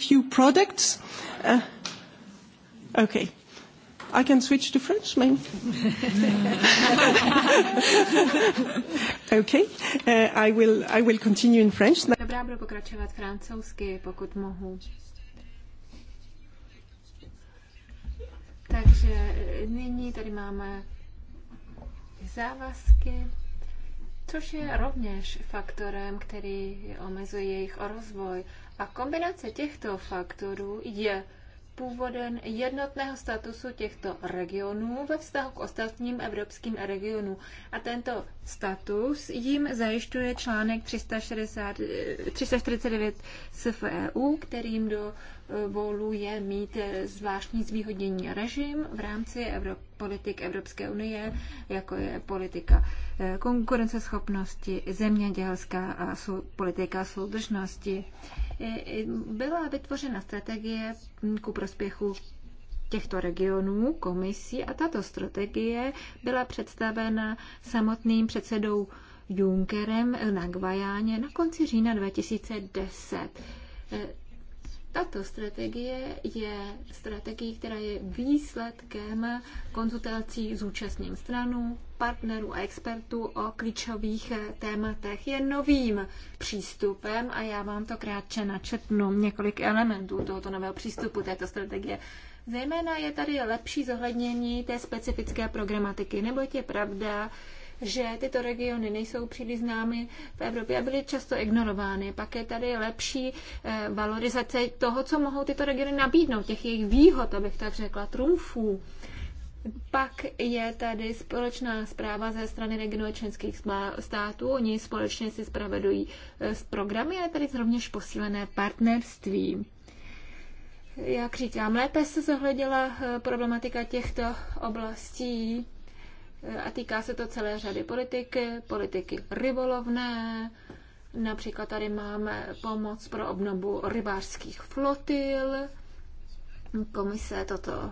few products. Uh, okay. I can switch to French, maybe. okay, uh, I will I will continue in French. Dobrá, budu pokračovat francouzsky, pokud mohu. Takže eh, nyní tady máme závazky, což je rovněž faktorem, který omezuje jejich rozvoj. A kombinace těchto faktorů je původem jednotného statusu těchto regionů ve vztahu k ostatním evropským regionům. A tento status jim zajišťuje článek 360, 349 SFEU, kterým do voluje mít zvláštní zvýhodnění režim v rámci Evro- politik Evropské unie, jako je politika eh, konkurenceschopnosti, zemědělská a sou- politika soudržnosti. Byla vytvořena strategie ku prospěchu těchto regionů komisí a tato strategie byla představena samotným předsedou Junckerem na Gvajáně na konci října 2010. Tato strategie je strategií, která je výsledkem konzultací účastním stranu, partnerů a expertů o klíčových tématech. Je novým přístupem a já vám to krátce načetnu několik elementů tohoto nového přístupu této strategie. Zejména je tady lepší zohlednění té specifické programatiky, neboť je pravda, že tyto regiony nejsou příliš známy v Evropě a byly často ignorovány. Pak je tady lepší eh, valorizace toho, co mohou tyto regiony nabídnout, těch jejich výhod, abych tak řekla, trumfů. Pak je tady společná zpráva ze strany regionů členských států. Oni společně si zpravedují z eh, programy a je tady rovněž posílené partnerství. Jak říkám, lépe se zohledila eh, problematika těchto oblastí a týká se to celé řady politiky, politiky rybolovné, například tady máme pomoc pro obnovu rybářských flotil, komise toto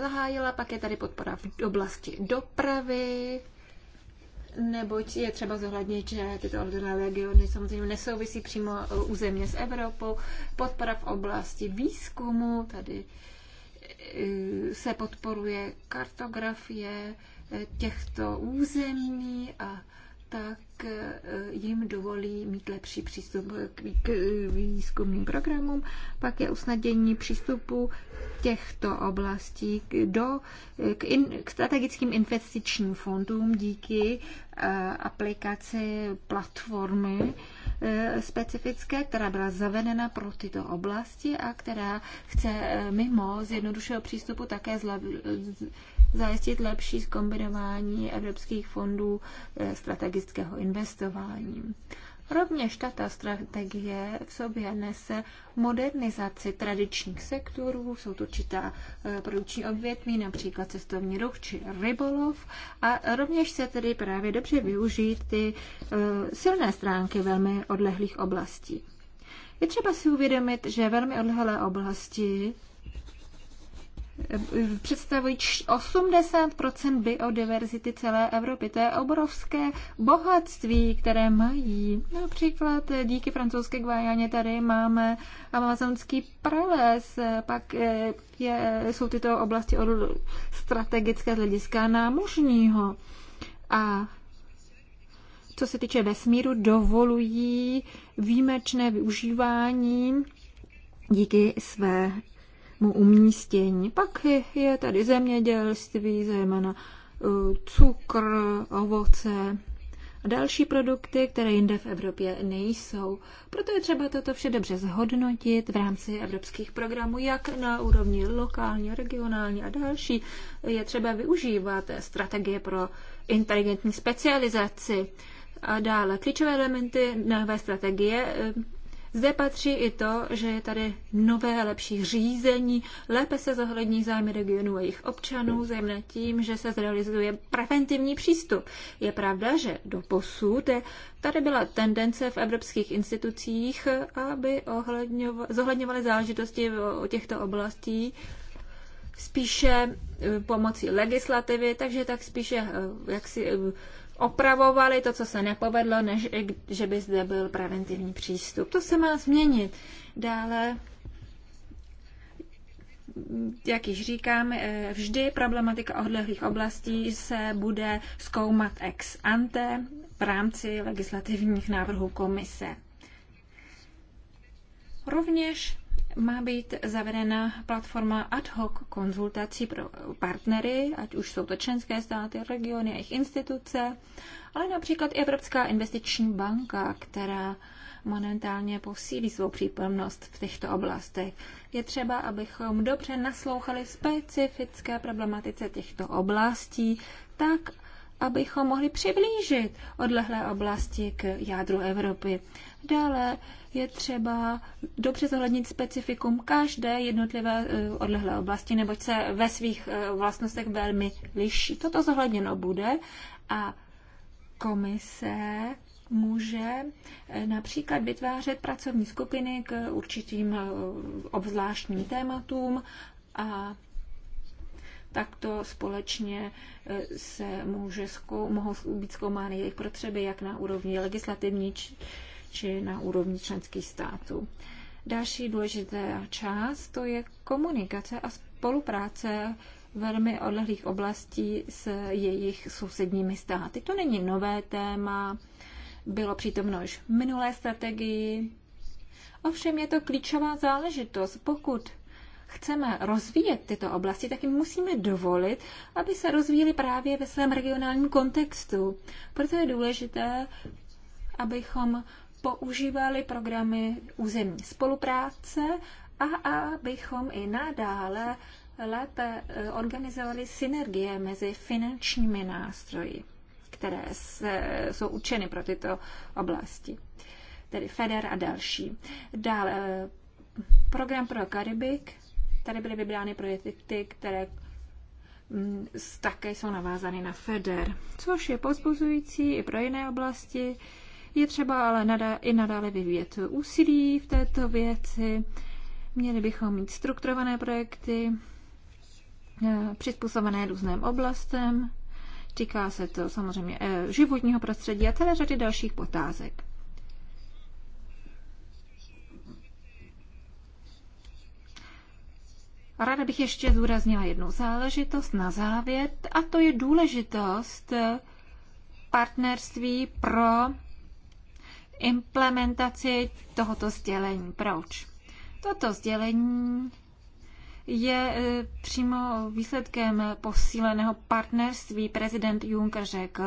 zahájila, pak je tady podpora v oblasti dopravy, neboť je třeba zohlednit, že tyto odlehlé regiony samozřejmě nesouvisí přímo uh, územně s Evropou, podpora v oblasti výzkumu, tady se podporuje kartografie těchto území a tak eh, jim dovolí mít lepší přístup k výzkumným programům. Pak je usnadění přístupu těchto oblastí do, eh, k, in, k strategickým investičním fondům díky eh, aplikaci platformy Eh, specifické, která byla zavedena pro tyto oblasti a která chce eh, mimo zjednodušeného přístupu také zla, zajistit lepší zkombinování evropských fondů eh, strategického investování. Rovněž tato strategie v sobě nese modernizaci tradičních sektorů, jsou to určitá eh, produkční odvětví, například cestovní ruch či rybolov a rovněž se tedy právě dobře využít ty eh, silné stránky velmi odlehlých oblastí. Je třeba si uvědomit, že velmi odlehlé oblasti představují 80 biodiverzity celé Evropy. To je obrovské bohatství, které mají. Například díky francouzské Guajaně tady máme amazonský prales, pak eh, je, jsou tyto oblasti od strategické hlediska námořního. A co se týče vesmíru, dovolují výjimečné využívání díky své umístění. Pak je tady zemědělství, zejména eh, cukr, ovoce a další produkty, které jinde v Evropě nejsou. Proto je třeba toto vše dobře zhodnotit v rámci evropských programů, jak na úrovni lokální, regionální a další. Je třeba využívat strategie pro inteligentní specializaci. A dále klíčové elementy nové strategie eh, zde patří i to, že je tady nové, lepší řízení, lépe se zohlední zájmy regionu a jejich občanů, zejména tím, že se zrealizuje preventivní přístup. Je pravda, že do posud je, tady byla tendence v evropských institucích, aby zohledňovaly záležitosti o těchto oblastí spíše eh, pomocí legislativy, takže tak spíše eh, jaksi eh, opravovali to, co se nepovedlo, než že by zde byl preventivní přístup. To se má změnit. Dále jak již říkám, eh, vždy problematika odlehlých oblastí se bude zkoumat ex ante v rámci legislativních návrhů komise. Rovněž má být zavedena platforma ad hoc konzultací pro partnery, ať už jsou to členské státy, regiony a jejich instituce, ale například i Evropská investiční banka, která momentálně posílí svou přítomnost v těchto oblastech. Je třeba, abychom dobře naslouchali specifické problematice těchto oblastí, tak, abychom mohli přiblížit odlehlé oblasti k jádru Evropy. Dále je třeba dobře zohlednit specifikum každé jednotlivé eh, odlehlé oblasti, neboť se ve svých eh, vlastnostech velmi liší. Toto zohledněno bude a komise může eh, například vytvářet pracovní skupiny k určitým obzvláštním tématům a takto společně se může zkou, mohou být zkoumány jejich potřeby jak na úrovni legislativní, či na úrovni členských států. Další důležitá část to je komunikace a spolupráce velmi odlehlých oblastí s jejich sousedními státy. To není nové téma, bylo přítomno už v minulé strategii. Ovšem je to klíčová záležitost. Pokud chceme rozvíjet tyto oblasti, tak jim musíme dovolit, aby se rozvíjely právě ve svém regionálním kontextu. Proto je důležité, abychom používali programy územní spolupráce a abychom i nadále lépe eh, organizovali synergie mezi finančními nástroji, které se, jsou učeny pro tyto oblasti, tedy FEDER a další. Dále eh, program pro Karibik, tady byly vybrány projekty, které mm, také jsou navázány na FEDER, což je pozbuzující i pro jiné oblasti, je třeba ale nadá, i nadále vyvíjet úsilí v této věci. Měli bychom mít strukturované projekty, eh, přizpůsobené různým oblastem. Týká se to samozřejmě eh, životního prostředí a celé řady dalších otázek. A ráda bych ještě zúraznila jednu záležitost na závěr, a to je důležitost eh, partnerství pro implementaci tohoto sdělení. Proč? Toto sdělení je e, přímo výsledkem posíleného partnerství. Prezident Juncker řekl,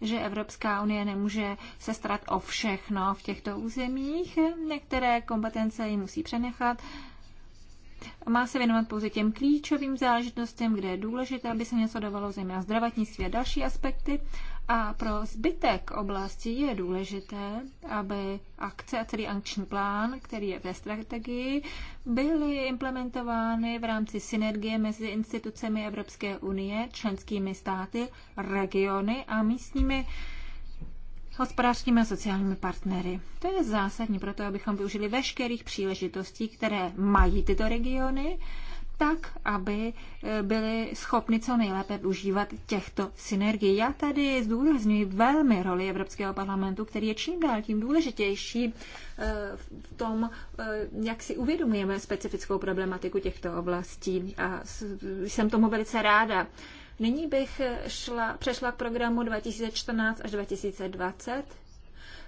že Evropská unie nemůže se starat o všechno v těchto územích. Některé kompetence ji musí přenechat a má se věnovat pouze těm klíčovým záležitostem, kde je důležité, aby se něco dávalo zejména zdravotnictví a další aspekty. A pro zbytek oblasti je důležité, aby akce a celý akční plán, který je ve strategii, byly implementovány v rámci synergie mezi institucemi Evropské unie, členskými státy, regiony a místními hospodářskými a sociálními partnery. To je zásadní proto, abychom využili veškerých příležitostí, které mají tyto regiony, tak, aby e, byli schopni co nejlépe využívat těchto synergií. Já tady zdůrazňuji velmi roli Evropského parlamentu, který je čím dál tím důležitější e, v tom, e, jak si uvědomujeme specifickou problematiku těchto oblastí. A jsem tomu velice ráda. Nyní bych šla, přešla k programu 2014 až 2020.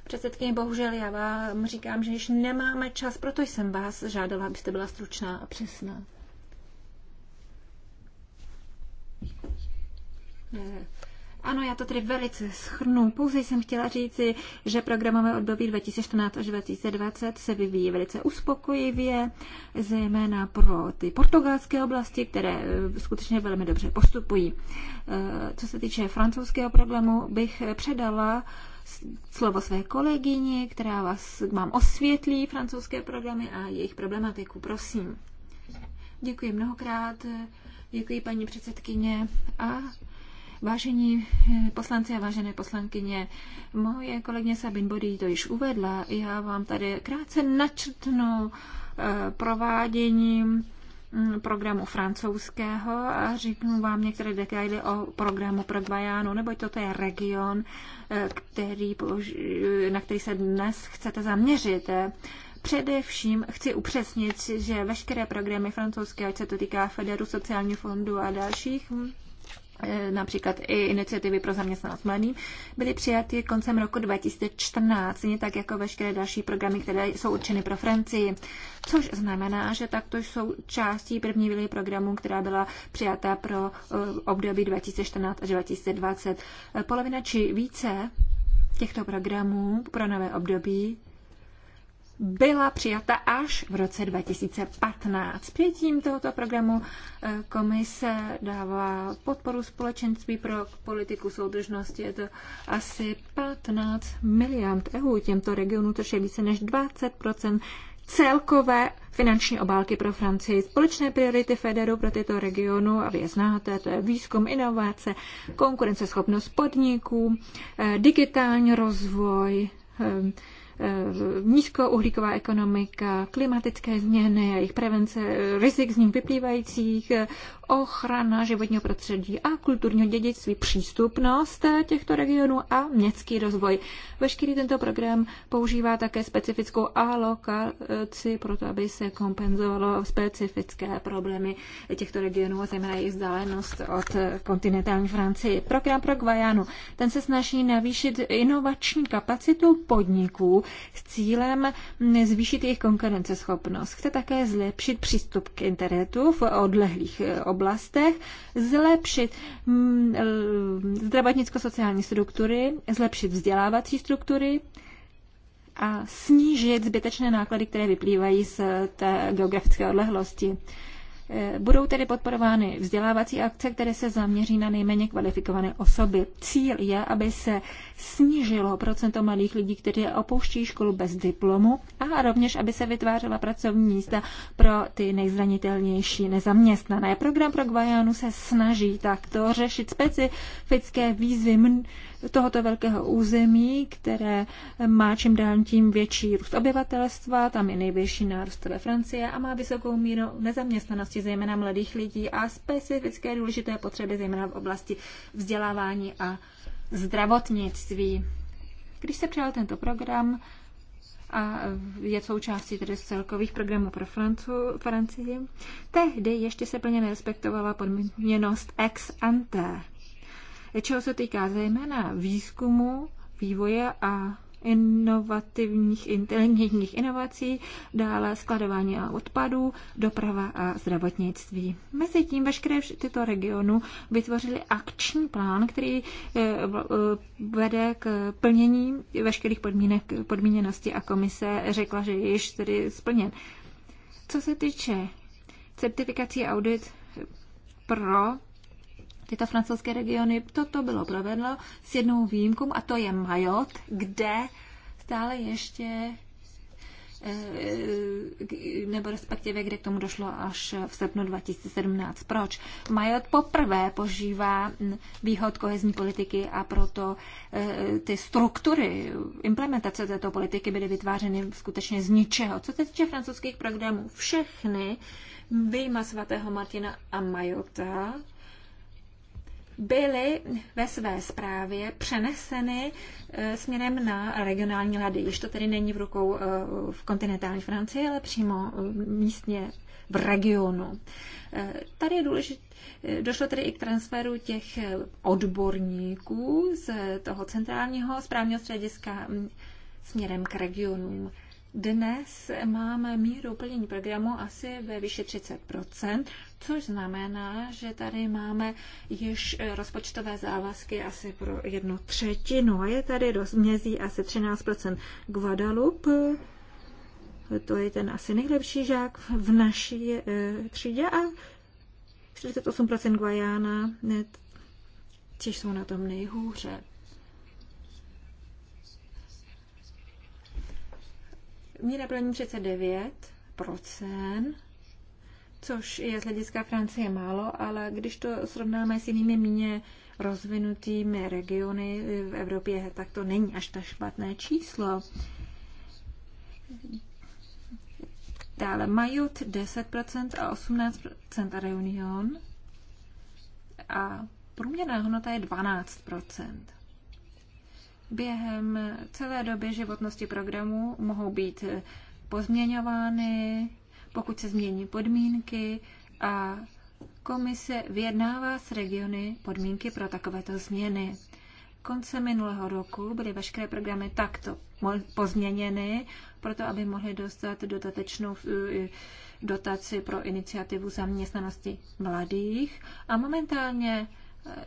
Předsedkyně, bohužel já vám říkám, že již nemáme čas, proto jsem vás žádala, abyste byla stručná a přesná. Ne. Eh, ano, já to tedy velice schrnu. Pouze jsem chtěla říci, že programové období 2014 až 2020 se vyvíjí velice uspokojivě, zejména pro ty portugalské oblasti, které eh, skutečně velmi dobře postupují. Eh, co se týče francouzského problému, bych předala slovo své kolegyni, která vás mám osvětlí francouzské programy a jejich problematiku. Prosím. Děkuji mnohokrát. Děkuji paní předsedkyně a Vážení eh, poslanci a vážené poslankyně, moje kolegyně Sabin Bodý to již uvedla. Já vám tady krátce načrtnu eh, prováděním mm, programu francouzského a řeknu vám některé detaily o programu pro Gvajánu, neboť toto je region, eh, který, na který se dnes chcete zaměřit. Především chci upřesnit, že veškeré programy francouzské, ať se to týká Federu, sociálního fondu a dalších, E, například i iniciativy pro zaměstnanost mladým, byly přijaty koncem roku 2014, stejně tak jako veškeré další programy, které jsou určeny pro Francii. Což znamená, že takto jsou částí první vily programu, která byla přijata pro e, období 2014 až 2020. E, polovina či více těchto programů pro nové období byla přijata až v roce 2015. Přijetím tohoto programu eh, komise dává podporu společenství pro politiku soudržnosti. Je to asi 15 miliard EU těmto regionu, což je více než 20 celkové finanční obálky pro Francii. Společné priority Federu pro tyto regionu, a vy je znáte, to je výzkum, inovace, konkurenceschopnost podniků, eh, digitální rozvoj, eh, Eh, nízkouhlíková ekonomika, klimatické změny a jejich prevence rizik z ním vyplývajících, ochrana životního prostředí a kulturního dědictví, přístupnost těchto regionů a městský rozvoj. Veškerý tento program používá také specifickou alokaci proto, aby se kompenzovalo specifické problémy těchto regionů, zejména jejich vzdálenost od kontinentální Francie. Program pro Guajanu, ten se snaží navýšit inovační kapacitu podniků, s cílem zvýšit jejich konkurenceschopnost. Chce také zlepšit přístup k internetu v odlehlých eh, oblastech, zlepšit mm, eh, zdravotnicko-sociální struktury, zlepšit vzdělávací struktury, a snížit zbytečné náklady, které vyplývají z té geografické odlehlosti. Eh, budou tedy podporovány vzdělávací akce, které se zaměří na nejméně kvalifikované osoby. Cíl je, aby se snížilo procento mladých lidí, kteří opouští školu bez diplomu a rovněž, aby se vytvářela pracovní místa pro ty nejzranitelnější nezaměstnané. Program pro Guajanu se snaží takto řešit specifické výzvy tohoto velkého území, které má čím dál tím větší růst obyvatelstva, tam je největší nárůst ve Francie a má vysokou míru nezaměstnanosti, zejména mladých lidí a specifické důležité potřeby, zejména v oblasti vzdělávání a zdravotnictví. Když se přijal tento program, a je součástí tedy z celkových programů pro Francu, Francii. Tehdy ještě se plně nerespektovala podměnost ex ante čeho se týká zejména výzkumu, vývoje a inovativních, inteligentních inovací, dále skladování a odpadů, doprava a zdravotnictví. Mezitím veškeré tyto regionu vytvořili akční plán, který eh, eh, vede k plnění veškerých podmínek, podmíněnosti a komise řekla, že je již tedy splněn. Co se týče certifikací audit pro tyto francouzské regiony. Toto bylo provedlo s jednou výjimkou a to je Majot, kde stále ještě eh, eh, nebo respektive kde k tomu došlo až v srpnu 2017. Proč? Majot poprvé požívá výhod kohezní politiky a proto eh, ty struktury implementace této politiky byly vytvářeny skutečně z ničeho. Co se týče francouzských programů, všechny vyjma svatého Martina a Majota byly ve své zprávě přeneseny e, směrem na regionální rady. Již to tedy není v rukou e, v kontinentální Francii, ale přímo e, místně v regionu. Tady je důležité, došlo tedy i k transferu těch odborníků z toho centrálního správního střediska směrem k regionům. Dnes máme míru plnění programu asi ve výši 30 což znamená, že tady máme již rozpočtové závazky asi pro jednu třetinu. A Je tady rozmězí asi 13 Guadalupe, to je ten asi nejlepší žák v naší e, třídě a 48 Guajana, což jsou na tom nejhůře. Míra plnění 39%, což je z hlediska Francie málo, ale když to srovnáme s jinými míně rozvinutými regiony v Evropě, tak to není až tak špatné číslo. Dále Majut 10% a 18% a Reunion a průměrná hodnota je 12% během celé doby životnosti programu mohou být pozměňovány, pokud se změní podmínky a komise vyjednává s regiony podmínky pro takovéto změny. Konce minulého roku byly veškeré programy takto pozměněny, proto aby mohly dostat dodatečnou eh, dotaci pro iniciativu zaměstnanosti mladých a momentálně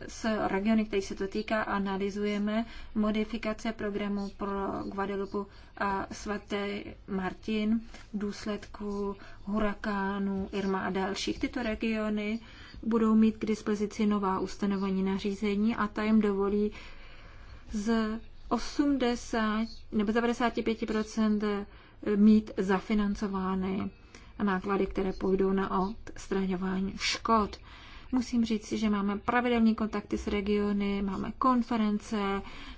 s regiony, kterých se to týká, analyzujeme modifikace programu pro Guadalupe a svaté Martin v důsledku hurakánu Irma a dalších. Tyto regiony budou mít k dispozici nová ustanovení nařízení a ta jim dovolí z 80 nebo 95 mít zafinancovány náklady, které půjdou na odstraňování škod. Musím říct, že máme pravidelné kontakty s regiony, máme konference,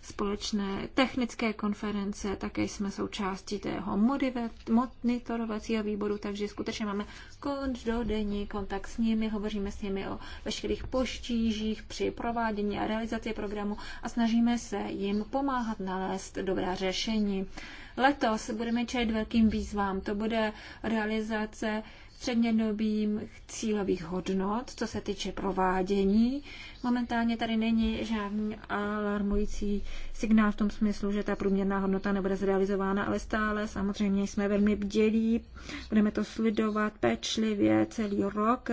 společné technické konference, také jsme součástí tého monitorovacího výboru, takže skutečně máme každodenní kontakt s nimi, hovoříme s nimi o veškerých poštížích při provádění a realizaci programu a snažíme se jim pomáhat nalézt dobrá řešení. Letos budeme čelit velkým výzvám. To bude realizace střednědobým cílových hodnot, co se týče provádění. Momentálně tady není žádný alarmující signál v tom smyslu, že ta průměrná hodnota nebude zrealizována, ale stále samozřejmě jsme velmi bdělí, budeme to sledovat pečlivě celý rok.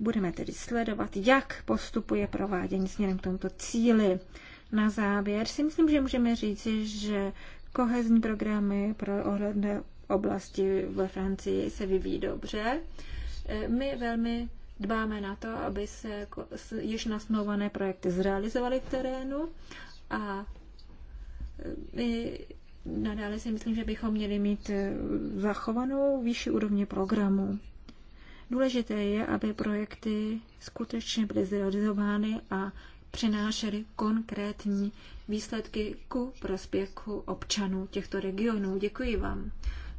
Budeme tedy sledovat, jak postupuje provádění směrem k tomuto cíli. Na závěr si myslím, že můžeme říci, že kohezní programy pro ohledné oblasti ve Francii se vyvíjí dobře. Eh, my velmi dbáme na to, aby se již nasmluvané projekty zrealizovaly v terénu a eh, my nadále si myslím, že bychom měli mít eh, zachovanou výši úrovně programu. Důležité je, aby projekty skutečně byly zrealizovány a přinášely konkrétní výsledky ku prospěchu občanů těchto regionů. Děkuji vám.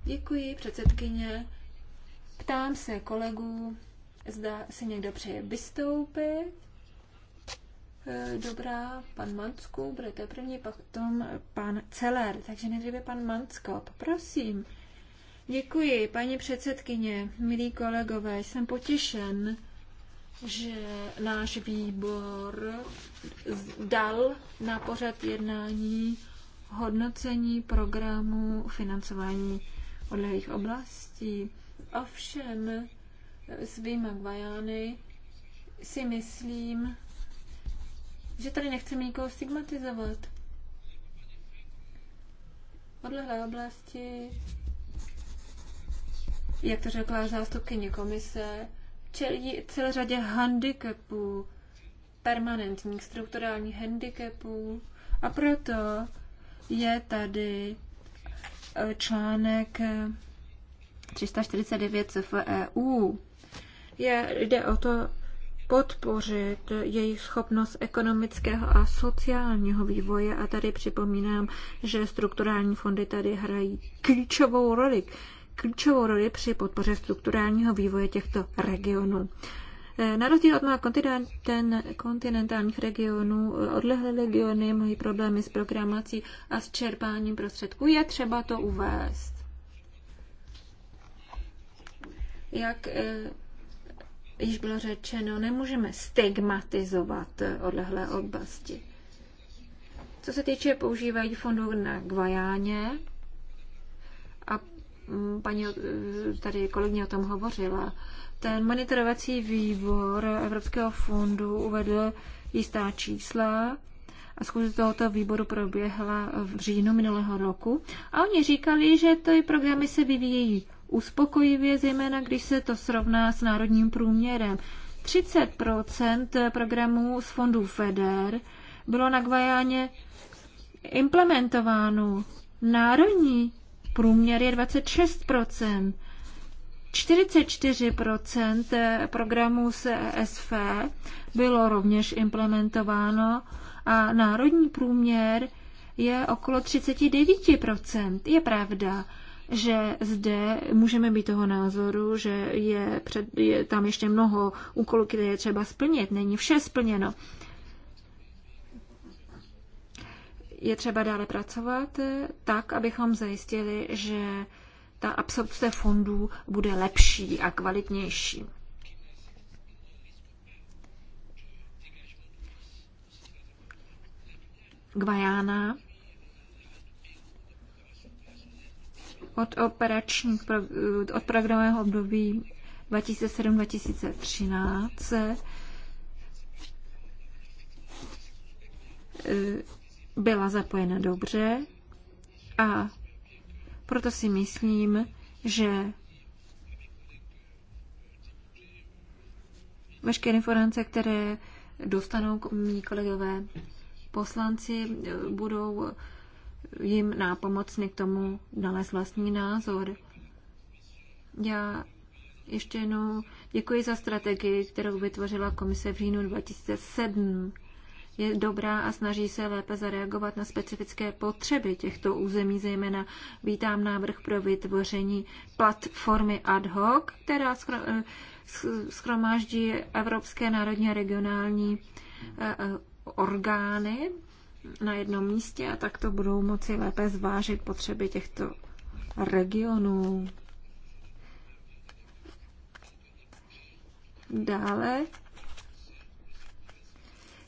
Děkuji, předsedkyně. Ptám se kolegů, zda si někdo přeje vystoupit. Eh, dobrá, pan bude to první, potom pan Celer. Takže nejdříve pan Mansko, prosím. Děkuji, paní předsedkyně, milí kolegové, jsem potěšen, že náš výbor dal na pořad jednání hodnocení programu financování jejich oblastí. Ovšem s výjima Guajány si myslím, že tady nechceme nikoho stigmatizovat. Odlehlé oblasti, jak to řekla zástupkyně komise, čelí celé řadě handicapů, permanentních strukturálních handicapů a proto je tady článek 349 eh, CFEU. Je, jde o to podpořit jejich schopnost ekonomického a sociálního vývoje a tady připomínám, že strukturální fondy tady hrají klíčovou roli klíčovou roli při podpoře strukturálního vývoje těchto regionů. Na rozdíl od mnoha kontinenten, kontinentálních regionů, odlehlé regiony mají problémy s programací a s čerpáním prostředků. Je třeba to uvést. Jak eh, již bylo řečeno, nemůžeme stigmatizovat eh, odlehlé oblasti. Co se týče používání fondů na Gvajáně, a mm, paní eh, tady kolegyně o tom hovořila, ten monitorovací výbor Evropského fondu uvedl jistá čísla a schůze tohoto výboru proběhla v říjnu minulého roku. A oni říkali, že ty programy se vyvíjejí uspokojivě, zejména když se to srovná s národním průměrem. 30 programů z fondů FEDER bylo na Gvajáně implementováno. Národní průměr je 26 44 programů ESF bylo rovněž implementováno a národní průměr je okolo 39 Je pravda, že zde můžeme být toho názoru, že je, před, je tam ještě mnoho úkolů, které je třeba splnit. Není vše splněno. Je třeba dále pracovat tak, abychom zajistili, že ta absorpce fondů bude lepší a kvalitnější. Gvajána od, operační, od programového období 2007-2013 eh, byla zapojena dobře a proto si myslím, že veškeré informace, které dostanou mý kolegové poslanci, budou jim nápomocny k tomu nalézt vlastní názor. Já ještě jednou děkuji za strategii, kterou vytvořila komise v říjnu 2007 je dobrá a snaží se lépe zareagovat na specifické potřeby těchto území. Zejména vítám návrh pro vytvoření platformy ad hoc, která schromáždí eh, evropské národní a regionální eh, orgány na jednom místě a tak to budou moci lépe zvážit potřeby těchto regionů. Dále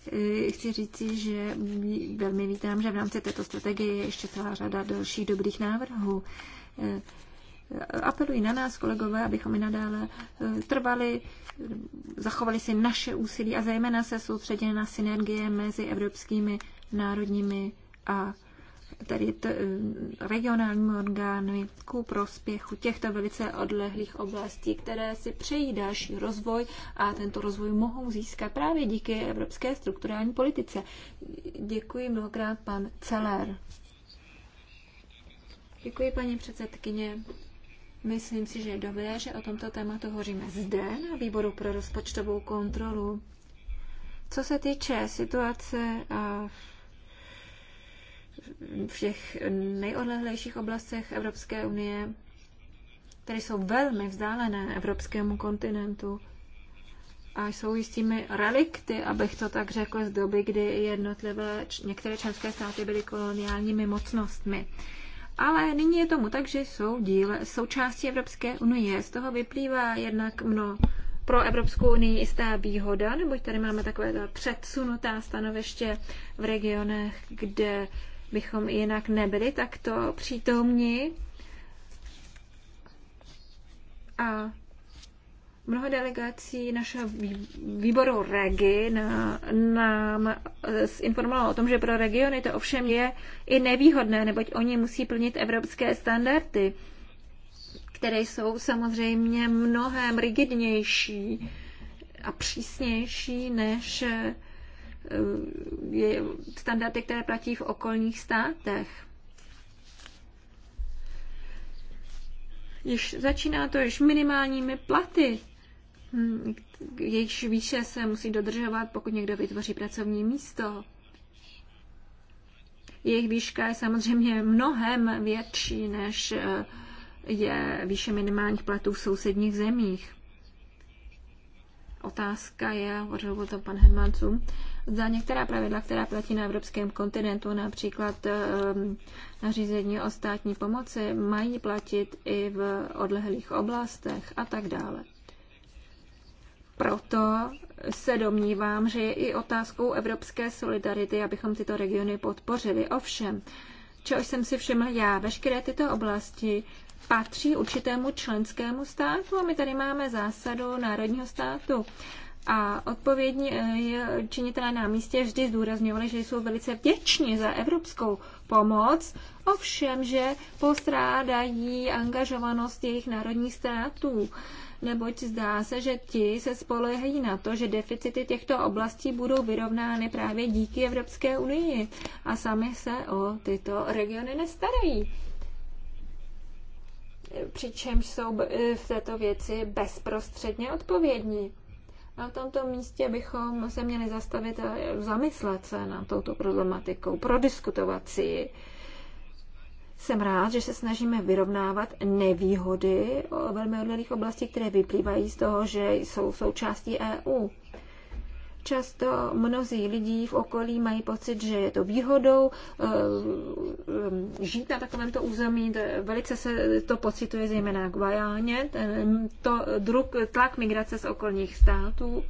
Eh, chci říci, že velmi vítám, že v rámci této strategie je ještě celá řada dalších dobrých návrhů. Eh, apeluji na nás, kolegové, abychom i nadále eh, trvali, zachovali si naše úsilí a zejména se soustředili na synergie mezi evropskými, národními a tedy t, eh, regionálními orgány ku prospěchu těchto velice odlehlých oblastí, které si přejí další rozvoj a tento rozvoj mohou získat právě díky evropské strukturální politice. Děkuji mnohokrát pan Celer. Děkuji, paní předsedkyně. Myslím si, že je dobré, že o tomto tématu hovoříme zde na výboru pro rozpočtovou kontrolu. Co se týče situace a v těch nejodlehlejších oblastech Evropské unie, které jsou velmi vzdálené evropskému kontinentu a jsou jistými relikty, abych to tak řekl, z doby, kdy jednotlivé některé členské státy byly koloniálními mocnostmi. Ale nyní je tomu tak, že jsou díle, součástí Evropské unie. Z toho vyplývá jednak mno pro Evropskou unii jistá výhoda, neboť tady máme takové předsunutá stanoviště v regionech, kde bychom jinak nebyli takto přítomni. A mnoho delegací našeho výboru REGI nám eh, informovalo o tom, že pro regiony to ovšem je i nevýhodné, neboť oni musí plnit evropské standardy, které jsou samozřejmě mnohem rigidnější a přísnější než eh, standardy, které platí v okolních státech. Již začíná to již minimálními platy, jejichž hm, výše se musí dodržovat, pokud někdo vytvoří pracovní místo. Jejich výška je samozřejmě mnohem větší, než eh, je výše minimálních platů v sousedních zemích. Otázka je, hovořil o tom pan Hermancu, za některá pravidla, která platí na evropském kontinentu, například ehm, nařízení o státní pomoci, mají platit i v odlehlých oblastech a tak dále. Proto se domnívám, že je i otázkou evropské solidarity, abychom tyto regiony podpořili. Ovšem, čehož jsem si všiml já, veškeré tyto oblasti patří určitému členskému státu a my tady máme zásadu národního státu. A odpovědní eh, činitelé na místě vždy zdůrazňovali, že jsou velice vděční za evropskou pomoc, ovšem, že postrádají angažovanost jejich národních států neboť zdá se, že ti se spolehají na to, že deficity těchto oblastí budou vyrovnány právě díky Evropské unii a sami se o tyto regiony nestarají. Přičemž jsou eh, v této věci bezprostředně odpovědní. A v tomto místě bychom se měli zastavit a zamyslet se na touto problematikou, prodiskutovat si ji. Jsem rád, že se snažíme vyrovnávat nevýhody o velmi odlehlých oblastí, které vyplývají z toho, že jsou součástí EU. Často mnozí lidí v okolí mají pocit, že je to výhodou eh, žít na takovémto území. Velice se to pocituje zejména k to druh, tlak migrace z okolních států.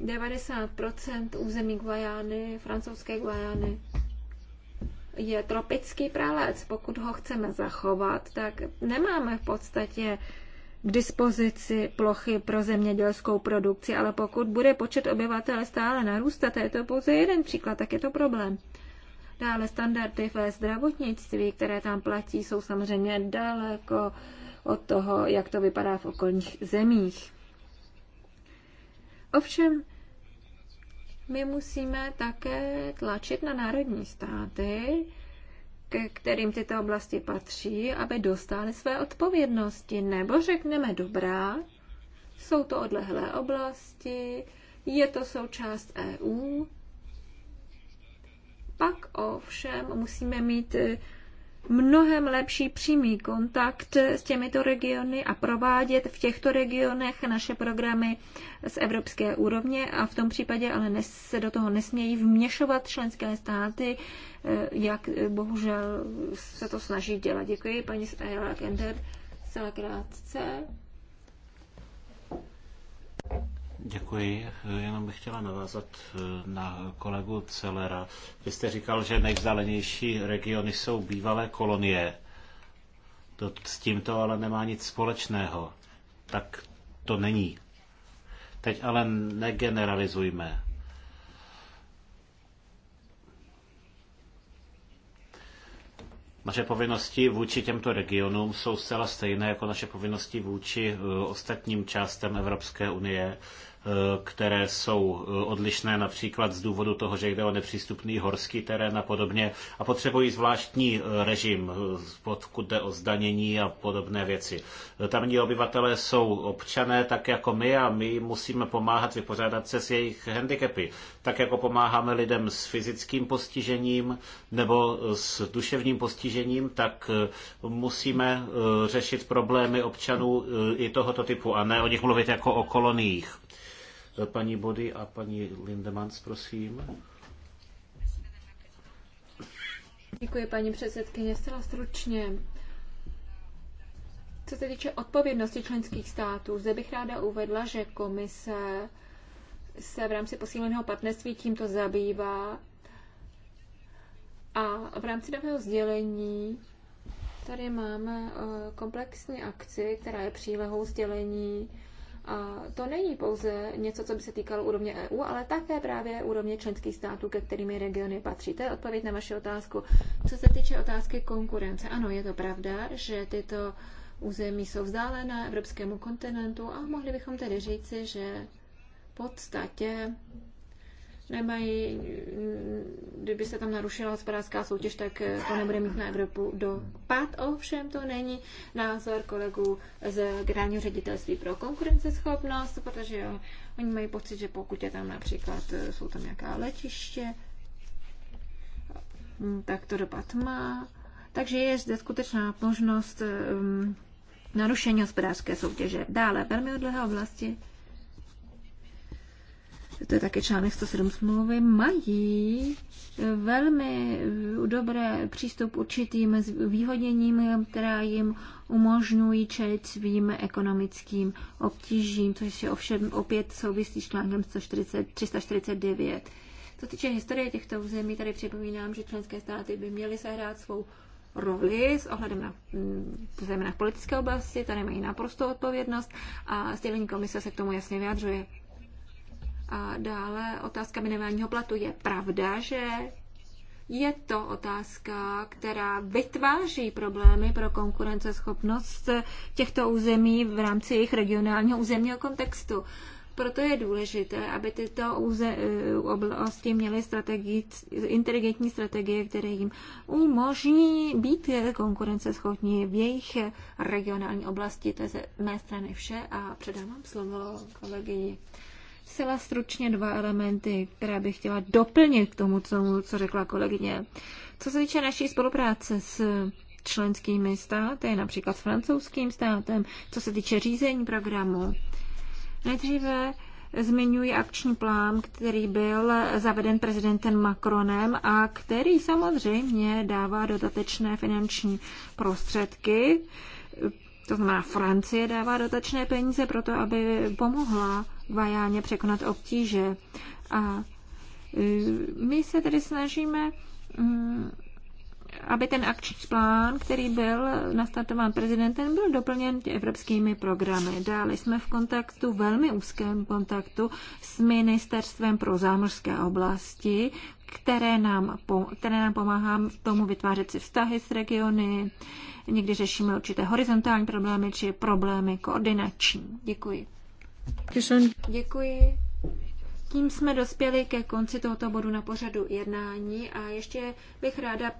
90% území Guajány, francouzské Guajány, je tropický pralec. Pokud ho chceme zachovat, tak nemáme v podstatě k dispozici plochy pro zemědělskou produkci, ale pokud bude počet obyvatel stále narůstat, a je to pouze jeden příklad, tak je to problém. Dále standardy ve zdravotnictví, které tam platí, jsou samozřejmě daleko od toho, jak to vypadá v okolních zemích. Ovšem, my musíme také tlačit na národní státy, k kterým tyto oblasti patří, aby dostali své odpovědnosti. Nebo řekneme dobrá, jsou to odlehlé oblasti, je to součást EU. Pak ovšem musíme mít mnohem lepší přímý kontakt s těmito regiony a provádět v těchto regionech naše programy z evropské úrovně a v tom případě ale se do toho nesmějí vměšovat členské státy, eh, jak eh, bohužel se to snaží dělat. Děkuji paní Stajla Kender, celá krátce. Děkuji. Jenom bych chtěla navázat eh, na kolegu Celera. Vy jste říkal, že nejvzdálenější regiony jsou bývalé kolonie. To s tímto ale nemá nic společného. Tak to není. Teď ale negeneralizujme. Naše povinnosti vůči těmto regionům jsou zcela stejné jako naše povinnosti vůči eh, ostatním částem Evropské unie které jsou eh, odlišné například z důvodu toho, že jde o nepřístupný horský terén a podobně a potřebují zvláštní eh, režim, eh, pokud jde o zdanění a podobné věci. Tamní obyvatelé jsou občané tak jako my a my musíme pomáhat vypořádat se s jejich handicapy, tak jako pomáháme lidem s fyzickým postižením nebo s duševním postižením, tak musíme řešit problémy občanů i tohoto typu a ne o nich mluvit jako o koloniích. Paní Body a paní Lindemans, prosím. Děkuji, paní předsedkyně. Zcela stručně. Co se týče odpovědnosti členských států, zde bych ráda uvedla, že komise se v rámci posíleného partnerství tímto zabývá a v rámci nového sdělení tady máme eh, komplexní akci, která je přílehou sdělení a to není pouze něco, co by se týkalo úrovně EU, ale také právě úrovně členských států, ke kterými regiony patří. To je odpověď na vaši otázku. Co se týče otázky konkurence, ano, je to pravda, že tyto území jsou vzdálená evropskému kontinentu a mohli bychom tedy říci, že v podstatě nemají, kdyby se tam narušila hospodářská soutěž, tak eh, to nebude mít na Evropu dopad. Ovšem to není názor kolegů z Generálního ředitelství pro konkurenceschopnost, protože jo, oni mají pocit, že pokud je tam například, eh, jsou tam nějaká letiště, hm, tak to dopad má. Takže je zde skutečná možnost um, narušení hospodářské soutěže. Dále, velmi odlehlé oblasti to je také článek 107 smlouvy, mají velmi dobré přístup určitým výhodněním, která jim umožňují čelit svým ekonomickým obtížím, což je ovšem opět souvisí s článkem 140, 349. Co týče historie těchto zemí, tady připomínám, že členské státy by měly sehrát svou roli s ohledem na mm, zejména politické oblasti, tady mají naprosto odpovědnost a sdělení komise se k tomu jasně vyjadřuje. A dále otázka minimálního platu. Je pravda, že je to otázka, která vytváří problémy pro konkurenceschopnost těchto území v rámci jejich regionálního územního kontextu. Proto je důležité, aby tyto úze, eh, oblasti měly strategii, inteligentní strategie, které jim umožní být konkurenceschopní v jejich regionální oblasti. To je z mé strany vše a předávám slovo kolegyni zcela stručně dva elementy, které bych chtěla doplnit k tomu, co, co řekla kolegyně. Co se týče naší spolupráce s členskými státy, například s francouzským státem, co se týče řízení programu, nejdříve zmiňuji akční plán, který byl zaveden prezidentem Macronem a který samozřejmě dává dodatečné finanční prostředky to znamená, Francie dává dotačné peníze pro to, aby pomohla Vajáně překonat obtíže. A e, my se tedy snažíme mm, aby ten akční plán, který byl nastartován prezidentem, byl doplněn evropskými programy. Dále jsme v kontaktu, velmi úzkém kontaktu s Ministerstvem pro zámořské oblasti, které nám, které nám pomáhá v tomu vytvářet si vztahy s regiony. Někdy řešíme určité horizontální problémy či problémy koordinační. Děkuji. Děkuji. Tím jsme dospěli ke konci tohoto bodu na pořadu jednání a ještě bych ráda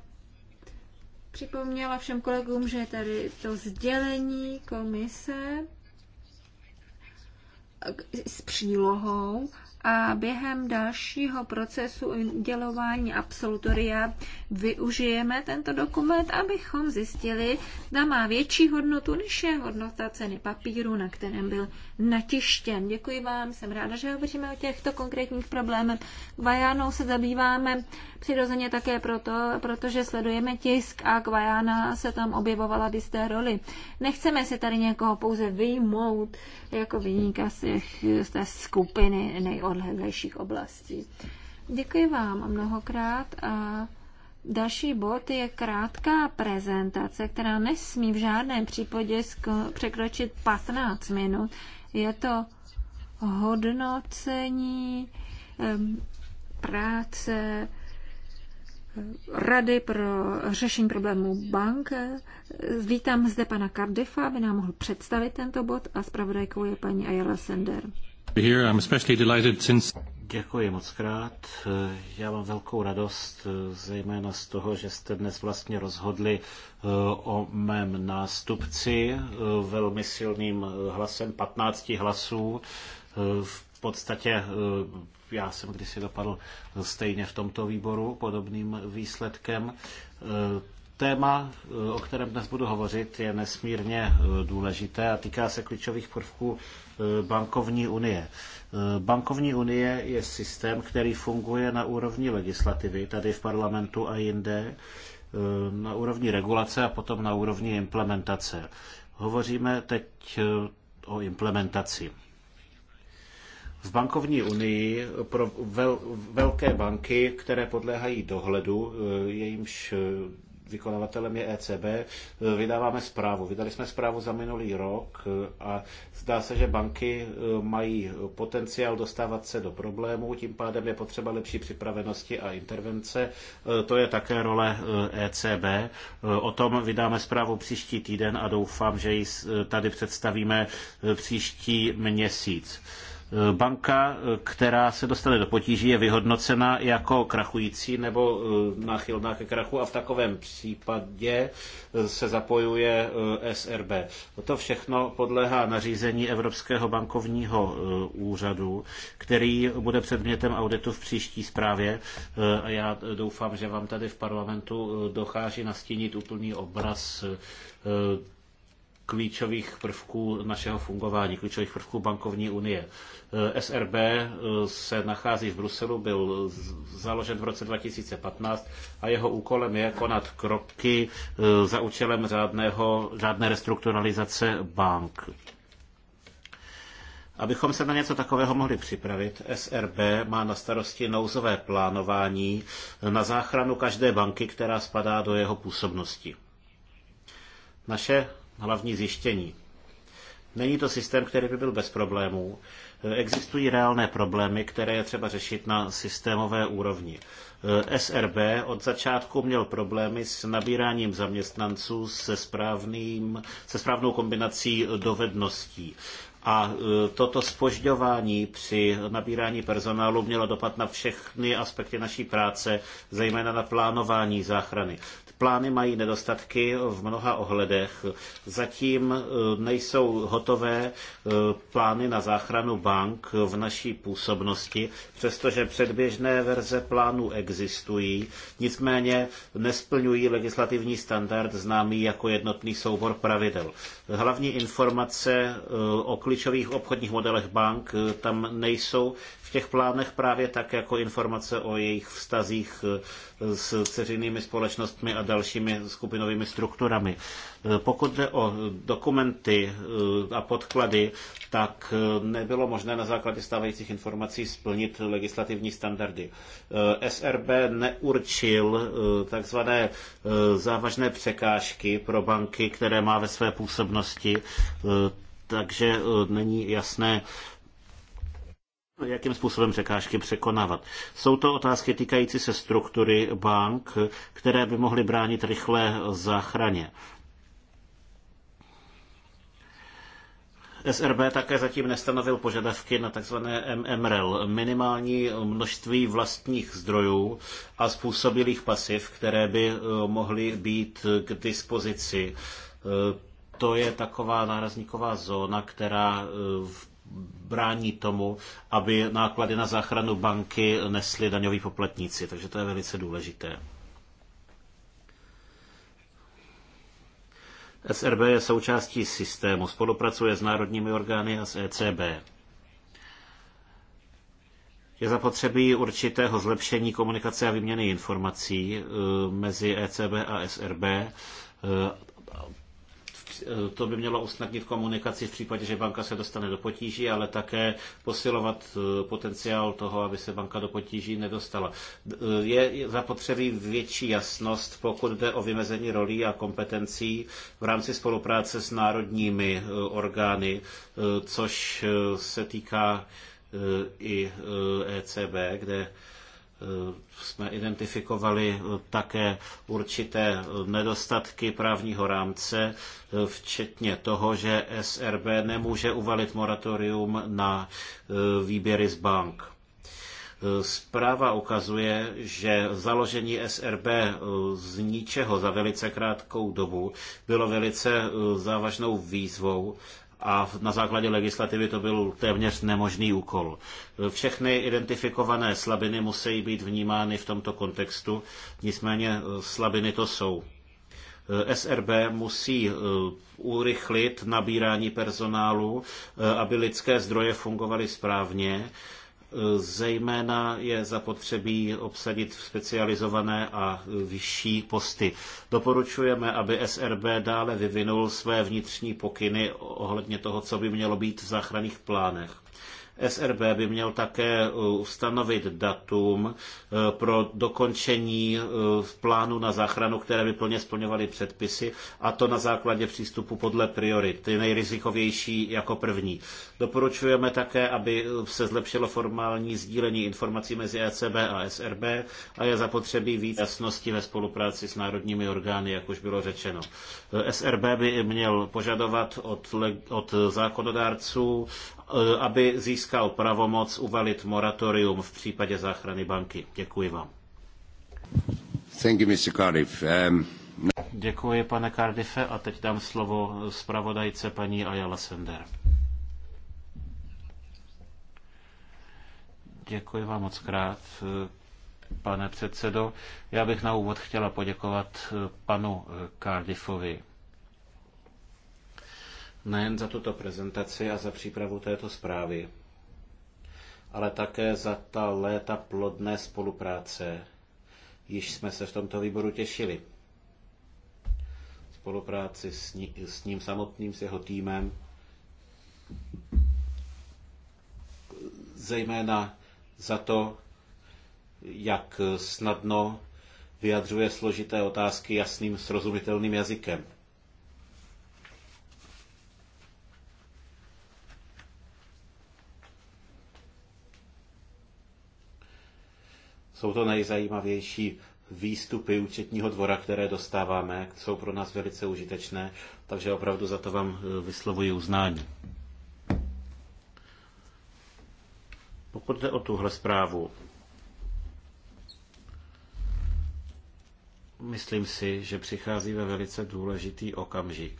připomněla všem kolegům, že je tady to sdělení komise s přílohou a během dalšího procesu udělování absolutoria využijeme tento dokument, abychom zjistili, zda má větší hodnotu, než je hodnota ceny papíru, na kterém byl natištěn. Děkuji vám, jsem ráda, že hovoříme o těchto konkrétních problémech. Vajánou se zabýváme přirozeně také proto, protože sledujeme tisk a Gvajána se tam objevovala v jisté roli. Nechceme se tady někoho pouze vyjmout jako vyníka z, těch, z té skupiny nejodobnějších odlehlejších oblastí. Děkuji vám mnohokrát a další bod je krátká prezentace, která nesmí v žádném případě překročit 15 minut. Je to hodnocení práce eh, Rady pro řešení problémů bank. Vítám zde pana Cardiffa, aby nám mohl představit tento bod a zpravodajkou je paní Ayala Sender. Děkuji moc krát. Já mám velkou radost, zejména z toho, že jste dnes vlastně rozhodli eh, o mém nástupci eh, velmi silným eh, hlasem 15 hlasů. V podstatě já jsem kdysi dopadl stejně v tomto výboru podobným výsledkem. Téma, eh, o kterém dnes budu hovořit, je nesmírně eh, důležité a týká se klíčových prvků eh, bankovní unie. Bankovní unie je systém, který funguje na úrovni legislativy, tady v parlamentu a jinde, na úrovni regulace a potom na úrovni implementace. Hovoříme teď o implementaci. V bankovní unii pro velké banky, které podléhají dohledu, jejímž vykonavatelem je ECB, vydáváme zprávu. Vydali jsme zprávu za minulý rok a zdá se, že banky e, mají potenciál dostávat se do problémů, tím pádem je potřeba lepší připravenosti a intervence. E, to je také role ECB. E o tom vydáme zprávu příští týden a doufám, že ji tady představíme příští měsíc. Banka, která se dostane do potíží, je vyhodnocena jako krachující nebo eh, náchylná ke krachu a v takovém případě eh, se zapojuje eh, SRB. To všechno podléhá nařízení Evropského bankovního úřadu, který bude předmětem auditu v příští zprávě. A já doufám, že vám tady v parlamentu dochází nastínit úplný obraz klíčových prvků našeho fungování, klíčových prvků bankovní unie. Eh, SRB eh, se nachází v Bruselu, byl založen v roce 2015 a jeho úkolem je konat kroky eh, za účelem řádného, řádné restrukturalizace bank. Abychom se na něco takového mohli připravit, SRB má na starosti nouzové plánování na záchranu každé banky, která spadá do jeho působnosti. Naše hlavní zjištění. Není to systém, který by byl bez problémů. Eh, existují reálné problémy, které je třeba řešit na systémové úrovni. Eh, SRB od začátku měl problémy s nabíráním zaměstnanců se, správným, se správnou kombinací dovedností. A eh, toto spožďování při nabírání personálu mělo dopad na všechny aspekty naší práce, zejména na plánování záchrany. Plány mají nedostatky v mnoha ohledech. Zatím e, nejsou hotové e, plány na záchranu bank v naší působnosti, přestože předběžné verze plánů existují, nicméně nesplňují legislativní standard známý jako jednotný soubor pravidel. Hlavní informace e, o klíčových obchodních modelech bank tam nejsou v těch plánech právě tak jako informace o jejich vztazích s ceřinými společnostmi a dalšími skupinovými strukturami. Eh, pokud jde o eh, dokumenty eh, a podklady, tak nebylo možné na základě stávajících informací splnit legislativní standardy. SRB neurčil takzvané závažné překážky pro banky, které má ve své působnosti, takže není jasné, Jakým způsobem překážky překonávat? Jsou to otázky týkající se struktury bank, které by mohly bránit rychlé záchraně. SRB také zatím nestanovil požadavky na tzv. MMRL, minimální množství vlastních zdrojů a způsobilých pasiv, které by eh, mohly být k dispozici. Eh, to je taková nárazníková zóna, která eh, v brání tomu, aby náklady na záchranu banky nesli daňoví poplatníci. Takže to je velice důležité. SRB je součástí systému, spolupracuje s národními orgány a s ECB. Je zapotřebí určitého zlepšení komunikace a výměny informací eh, mezi ECB a SRB, eh, Eh, to by mělo usnadnit komunikaci v případě, že banka se dostane do potíží, ale také posilovat eh, potenciál toho, aby se banka do potíží nedostala. Eh, je zapotřebí větší jasnost, pokud jde o vymezení rolí a kompetencí v rámci spolupráce s národními orgány, což se týká i ECB, e kde Eh, jsme identifikovali eh, také určité eh, nedostatky právního rámce, včetně toho, že SRB nemůže uvalit moratorium na výběry z bank. Zpráva ukazuje, že založení SRB z ničeho za velice krátkou dobu bylo velice závažnou výzvou a na základě legislativy to byl téměř nemožný úkol. Všechny identifikované slabiny musí být vnímány v tomto kontextu, nicméně e, slabiny to jsou. E, SRB musí e, urychlit nabírání personálu, aby lidské zdroje fungovaly správně Zejména je zapotřebí obsadit specializované a vyšší posty. Doporučujeme, aby SRB dále vyvinul své vnitřní pokyny ohledně toho, co by mělo být v záchranných plánech. SRB by měl také eh, ustanovit datum eh, pro dokončení eh, plánu na záchranu, které by plně splňovaly předpisy, a to na základě přístupu podle priorit, ty nejrizikovější jako první. Doporučujeme také, aby se zlepšilo formální sdílení informací mezi ECB a SRB a je zapotřebí víc jasnosti ve spolupráci s národními orgány, jak už bylo řečeno. SRB by měl požadovat od, od zákonodárců, Eh, aby získal pravomoc uvalit moratorium v případě záchrany banky. Děkuji vám. Thank you, Mr. Cardiff. Um... Děkuji, pane Cardiffe, a teď dám slovo zpravodajce paní Ayala Sender. Děkuji vám moc krát, pane předsedo. Já bych na úvod chtěla poděkovat panu Cardiffovi nejen za tuto prezentaci a za přípravu této zprávy, ale také za ta léta plodné spolupráce, již jsme se v tomto výboru těšili. Spolupráci s, ní, s ním samotným, s jeho týmem, zejména za to, jak snadno vyjadřuje složité otázky jasným, srozumitelným jazykem. Jsou to nejzajímavější výstupy účetního dvora, které dostáváme, jsou pro nás velice užitečné, takže opravdu za to vám eh, vyslovuji uznání. Pokud jde o tuhle zprávu, myslím si, že přichází ve velice důležitý okamžik.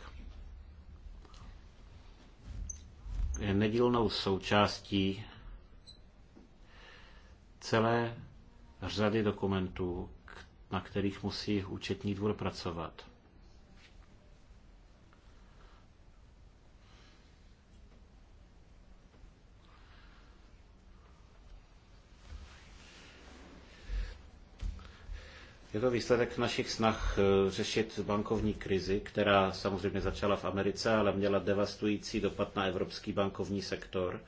Je nedílnou součástí celé řady dokumentů, na kterých musí účetní dvůr pracovat. Je to výsledek našich snah eh, řešit bankovní krizi, která samozřejmě začala v Americe, ale měla devastující dopad na evropský bankovní sektor.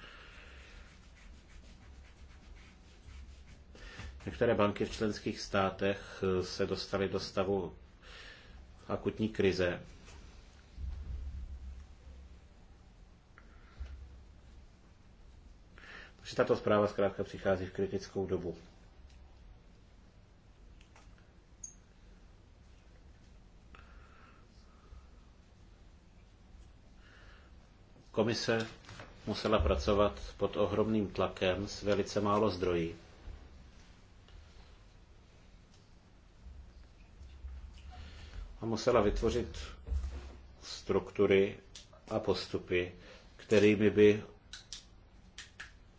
Některé banky v členských státech eh, se dostaly do stavu akutní krize. Takže tato zpráva zkrátka přichází v kritickou dobu. Komise musela pracovat pod ohromným tlakem s velice málo zdrojí. a musela vytvořit struktury a postupy, kterými by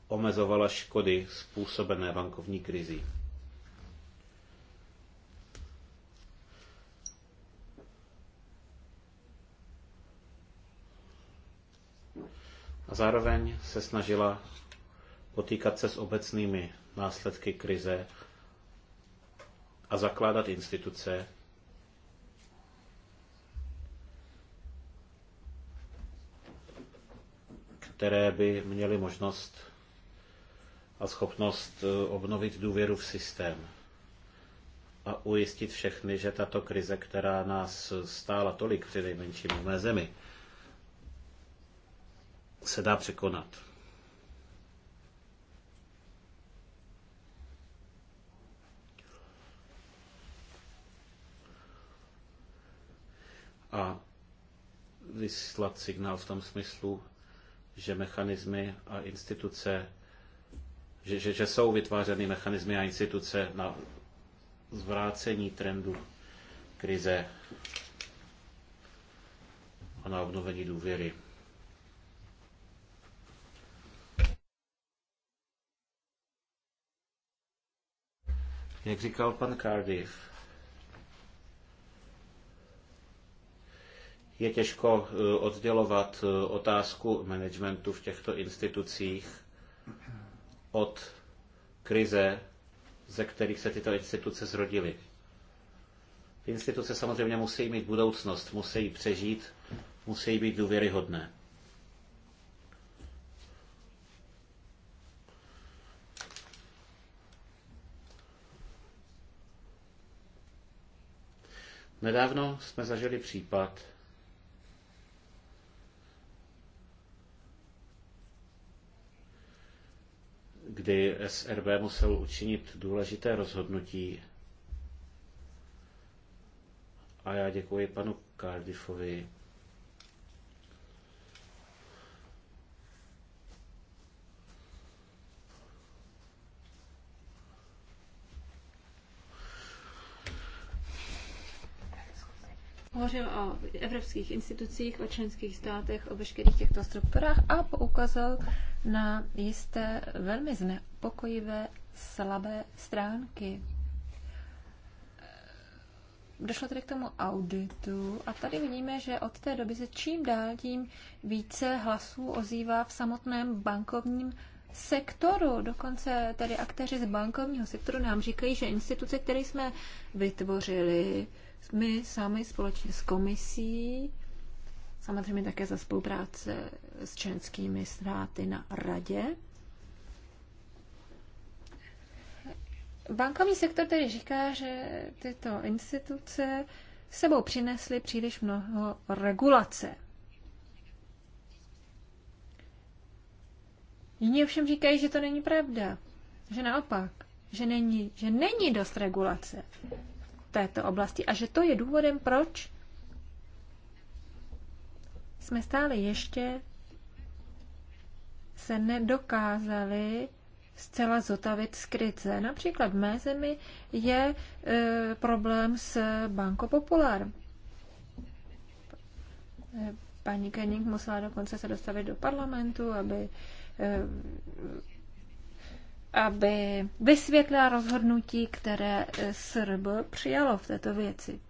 omezovala škody způsobené bankovní krizí. A zároveň se snažila potýkat se s obecnými následky krize a zakládat instituce, které by měly možnost a schopnost e, obnovit důvěru v systém a ujistit všechny, že tato krize, která nás stála tolik při nejmenším v mé zemi, se dá překonat. A vyslat signál v tom smyslu, že mechanismy a instituce, že, že, že jsou vytvářeny mechanismy a instituce na zvrácení trendu krize a na obnovení důvěry. Jak říkal pan Cardiff, je těžko eh, oddělovat eh, otázku managementu v těchto institucích od krize, ze kterých se tyto instituce zrodily. Instituce samozřejmě musí mít budoucnost, musí přežít, musí být důvěryhodné. Nedávno jsme zažili případ, kdy SRB musel učinit důležité rozhodnutí. A já děkuji panu Cardiffovi. Hovořil o evropských institucích, o členských státech, o veškerých těchto strukturách a poukázal na jisté velmi znepokojivé slabé stránky. Došlo tedy k tomu auditu a tady vidíme, že od té doby se čím dál tím více hlasů ozývá v samotném bankovním sektoru. Dokonce tedy aktéři z bankovního sektoru nám říkají, že instituce, které jsme vytvořili, my sami společně s komisí, samozřejmě také za spolupráce s členskými státy na radě. Bankovní sektor tedy říká, že tyto instituce sebou přinesly příliš mnoho regulace. Jiní ovšem říkají, že to není pravda, že naopak, že není, že není dost regulace v této oblasti a že to je důvodem, proč jsme stále ještě se nedokázali zcela zotavit z krize. Například v mé zemi je e, problém s Banko Popular. E, paní Kenning musela dokonce se dostavit do parlamentu, aby, e, aby vysvětlila rozhodnutí, které SRB přijalo v této věci.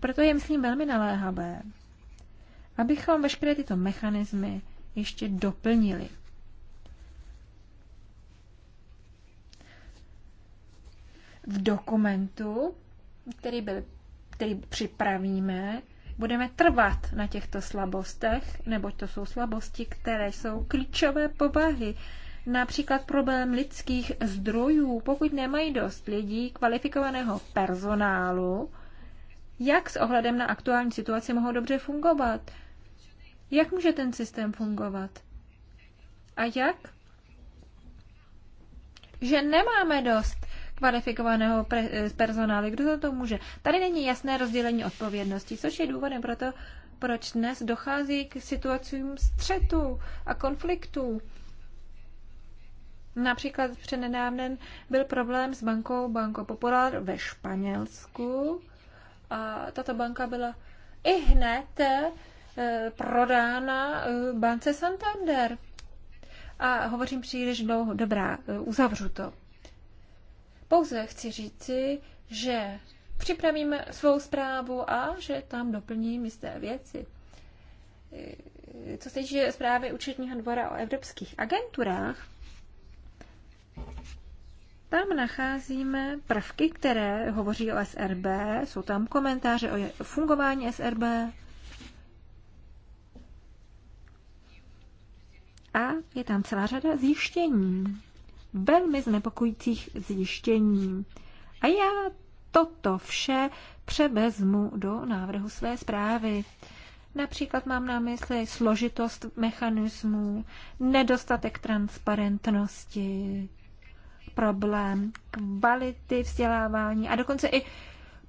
Proto je, myslím, velmi naléhavé, abychom veškeré tyto mechanismy ještě doplnili. V dokumentu, který, byl, který připravíme, budeme trvat na těchto slabostech, neboť to jsou slabosti, které jsou klíčové povahy. Například problém lidských zdrojů. Pokud nemají dost lidí, kvalifikovaného personálu, jak s ohledem na aktuální situaci mohou dobře fungovat. Jak může ten systém fungovat? A jak? Že nemáme dost kvalifikovaného eh, personálu. Kdo to, to může? Tady není jasné rozdělení odpovědnosti, což je důvodem pro to, proč dnes dochází k situacím střetu a konfliktů. Například přednedávnen byl problém s bankou Banco Popular ve Španělsku, a tato banka byla i hned eh, prodána eh, bance Santander. A hovořím příliš dlouho. Dobrá, eh, uzavřu to. Pouze chci říci, že připravím svou zprávu a že tam doplním jisté věci. Co se týče zprávy účetního dvora o evropských agenturách, tam nacházíme prvky, které hovoří o SRB, jsou tam komentáře o fungování SRB a je tam celá řada zjištění, velmi znepokojících zjištění. A já toto vše převezmu do návrhu své zprávy. Například mám na mysli složitost mechanismů, nedostatek transparentnosti, problém kvality vzdělávání a dokonce i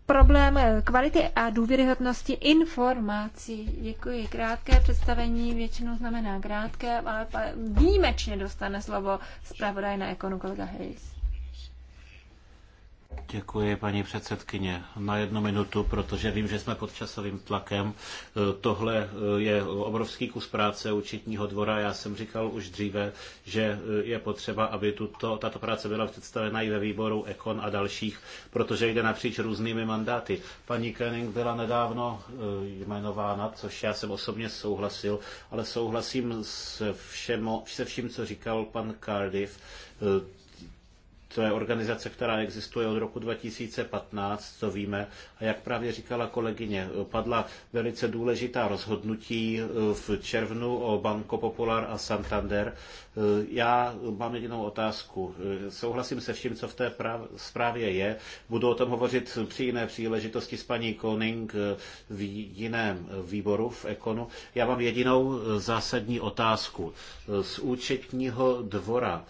problém kvality a důvěryhodnosti informací. Děkuji. Krátké představení většinou znamená krátké, ale výjimečně dostane slovo zpravodaj na ekonu kolega Hayes. Děkuji, paní předsedkyně. Na jednu minutu, protože vím, že jsme pod časovým tlakem. E, tohle e, je obrovský kus práce účetního dvora. Já jsem říkal už dříve, že e, je potřeba, aby tuto, tato práce byla představena i ve výboru Ekon a dalších, protože jde napříč různými mandáty. Paní Kenning byla nedávno jmenována, což já jsem osobně souhlasil, ale souhlasím se, všem, se vším, co říkal pan Cardiff to je organizace, která existuje od roku 2015, co víme. A jak právě říkala kolegyně, padla velice důležitá rozhodnutí eh, v červnu o Banco Popular a Santander. Eh, já mám jedinou otázku. Eh, souhlasím se vším, co v té zprávě je. Budu o tom hovořit při jiné příležitosti s paní Koning v jiném výboru v Ekonu. Já mám jedinou zásadní otázku. Z účetního dvora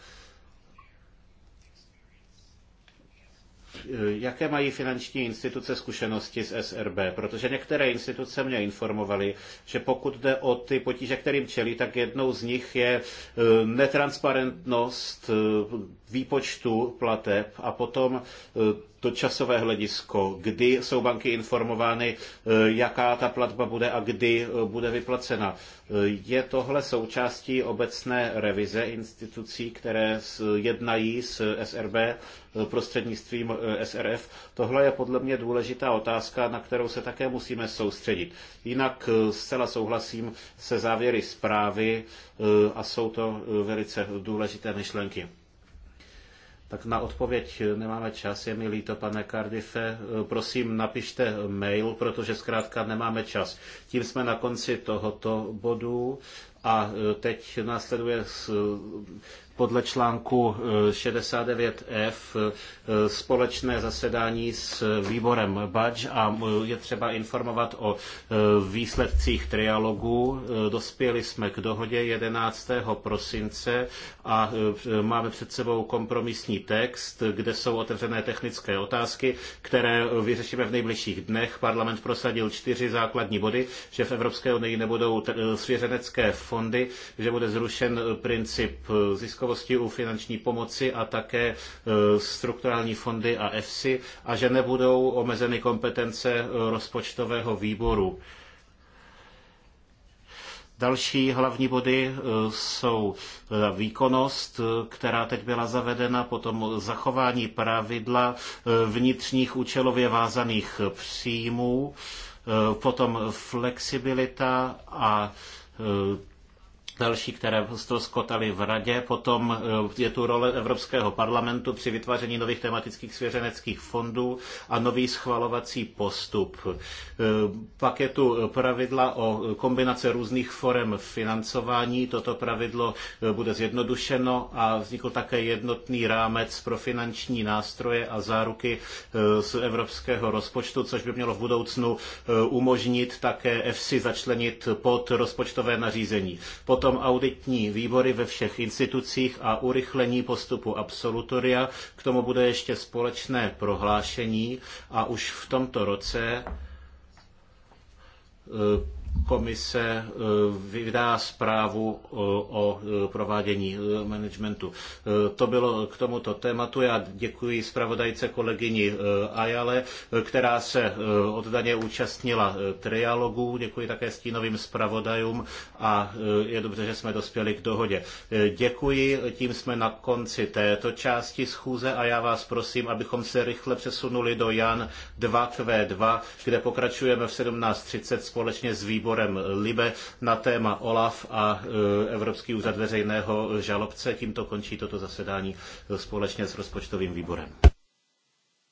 Eh, jaké mají finanční instituce zkušenosti s SRB, protože některé instituce mě informovaly, že pokud jde o ty potíže, kterým čelí, tak jednou z nich je eh, netransparentnost eh, výpočtu plateb a potom to časové hledisko, kdy jsou banky informovány, e, jaká ta platba bude a kdy e, bude vyplacena. E, je tohle součástí obecné revize institucí, které jednají s SRB prostřednictvím SRF? Tohle je podle mě důležitá otázka, na kterou se také musíme soustředit. Jinak zcela souhlasím se závěry zprávy a jsou to velice důležité myšlenky. Tak na odpověď nemáme čas, je mi líto, pane Cardiffe. Prosím, napište mail, protože zkrátka nemáme čas. Tím jsme na konci tohoto bodu a e, teď následuje e, podle článku 69F e, společné zasedání s výborem BAČ a je třeba informovat o výsledcích trialogů. Dospěli jsme k dohodě 11. prosince a máme před sebou kompromisní text, kde jsou otevřené technické otázky, které vyřešíme v nejbližších dnech. Parlament prosadil čtyři základní body, že v Evropské unii nebudou svěřenecké fondy, fondy, že bude zrušen eh, princip eh, ziskovosti u finanční pomoci a také eh, strukturální fondy a EFSI a že nebudou omezeny kompetence rozpočtového výboru. Další hlavní body jsou výkonnost, která teď byla zavedena, potom zachování pravidla vnitřních účelově vázaných příjmů, potom flexibilita a další, které ztroskotaly v radě. Potom eh, je tu role Evropského parlamentu při vytváření nových tematických svěřeneckých fondů a nový schvalovací postup. Eh, pak je tu pravidla o kombinace různých forem financování. Toto pravidlo eh, bude zjednodušeno a vznikl také jednotný rámec pro finanční nástroje a záruky z evropského rozpočtu, což by mělo v budoucnu umožnit také EFSI začlenit pod rozpočtové nařízení. Potom potom auditní výbory ve všech institucích a urychlení postupu absolutoria. K tomu bude ještě společné prohlášení a už v tomto roce komise eh, vydá zprávu eh, o eh, provádění managementu. To bylo k tomuto tématu. Já děkuji zpravodajce kolegyni Ajale, která se oddaně účastnila trialogu. Děkuji také stínovým zpravodajům a je dobře, že jsme dospěli k dohodě. Děkuji, tím jsme na konci této části schůze a já vás prosím, abychom se rychle přesunuli do Jan 2 2 kde pokračujeme v 17.30 společně s výborem výborem LIBE na téma OLAF a e, Evropský úřad veřejného žalobce. Tímto končí toto zasedání společně s rozpočtovým výborem.